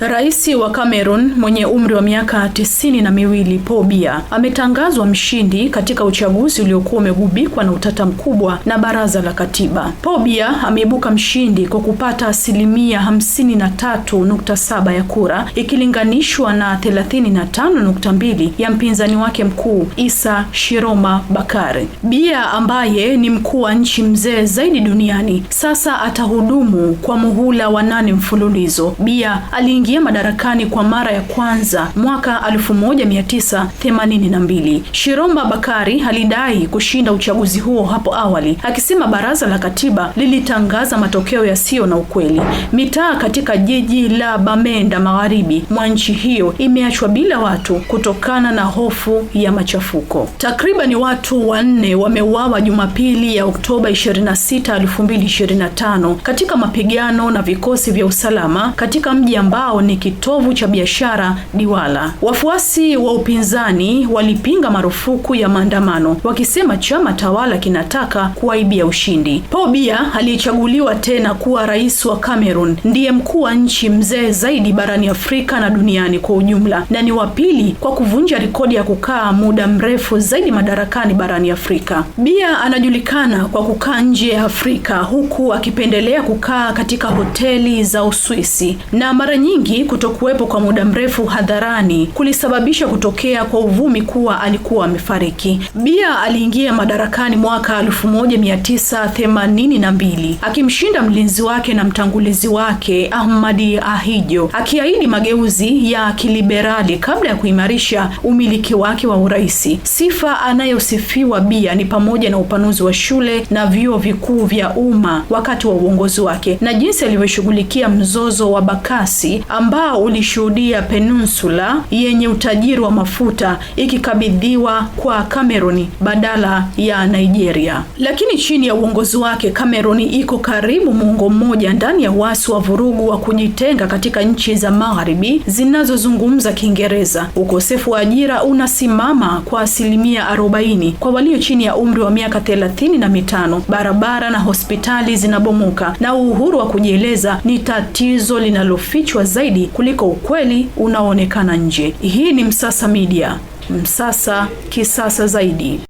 Rais wa Cameroon mwenye umri wa miaka tisini na miwili Paul Biya ametangazwa mshindi katika uchaguzi uliokuwa umegubikwa na utata mkubwa na baraza la katiba. Paul Biya ameibuka mshindi kwa kupata asilimia hamsini na tatu nukta saba ya kura ikilinganishwa na thelathini na tano nukta mbili ya mpinzani wake mkuu Isa Shiroma Bakari. Biya ambaye ni mkuu wa nchi mzee zaidi duniani sasa atahudumu kwa muhula wa nane mfululizo. Biya aliingia aliingia madarakani kwa mara ya kwanza mwaka 1982. Shiromba Bakari alidai kushinda uchaguzi huo hapo awali, akisema baraza la katiba lilitangaza matokeo yasiyo na ukweli. Mitaa katika jiji la Bamenda magharibi mwa nchi hiyo imeachwa bila watu kutokana na hofu ya machafuko. Takribani watu wanne wameuawa Jumapili ya Oktoba 26, 2025 katika mapigano na vikosi vya usalama katika mji ambao ambao ni kitovu cha biashara Diwala. Wafuasi wa upinzani walipinga marufuku ya maandamano wakisema chama tawala kinataka kuwaibia ushindi. Paul Biya aliyechaguliwa tena kuwa rais wa Cameroon ndiye mkuu wa nchi mzee zaidi barani Afrika na duniani kwa ujumla na ni wa pili kwa kuvunja rekodi ya kukaa muda mrefu zaidi madarakani barani Afrika. Biya anajulikana kwa kukaa nje ya Afrika huku akipendelea kukaa katika hoteli za Uswisi na mara nyingi nyingi kutokuwepo kwa muda mrefu hadharani kulisababisha kutokea kwa uvumi kuwa alikuwa amefariki. bia aliingia madarakani mwaka 1982 akimshinda mlinzi wake na mtangulizi wake Ahmadi Ahijo, akiahidi mageuzi ya kiliberali kabla ya kuimarisha umiliki wake wa uraisi. Sifa anayosifiwa bia ni pamoja na upanuzi wa shule na vyuo vikuu vya umma wakati wa uongozi wake na jinsi alivyoshughulikia mzozo wa Bakasi ambao ulishuhudia peninsula yenye utajiri wa mafuta ikikabidhiwa kwa Cameroon badala ya Nigeria. Lakini chini ya uongozi wake, Cameroon iko karibu muongo mmoja ndani ya wasi wa vurugu wa kujitenga katika nchi za magharibi zinazozungumza Kiingereza. Ukosefu wa ajira unasimama kwa asilimia arobaini kwa walio chini ya umri wa miaka thelathini na mitano. Barabara na hospitali zinabomoka na uhuru wa kujieleza ni tatizo linalofichwa zaidi zaidi kuliko ukweli unaoonekana nje. Hii ni Msasa Media, Msasa kisasa zaidi.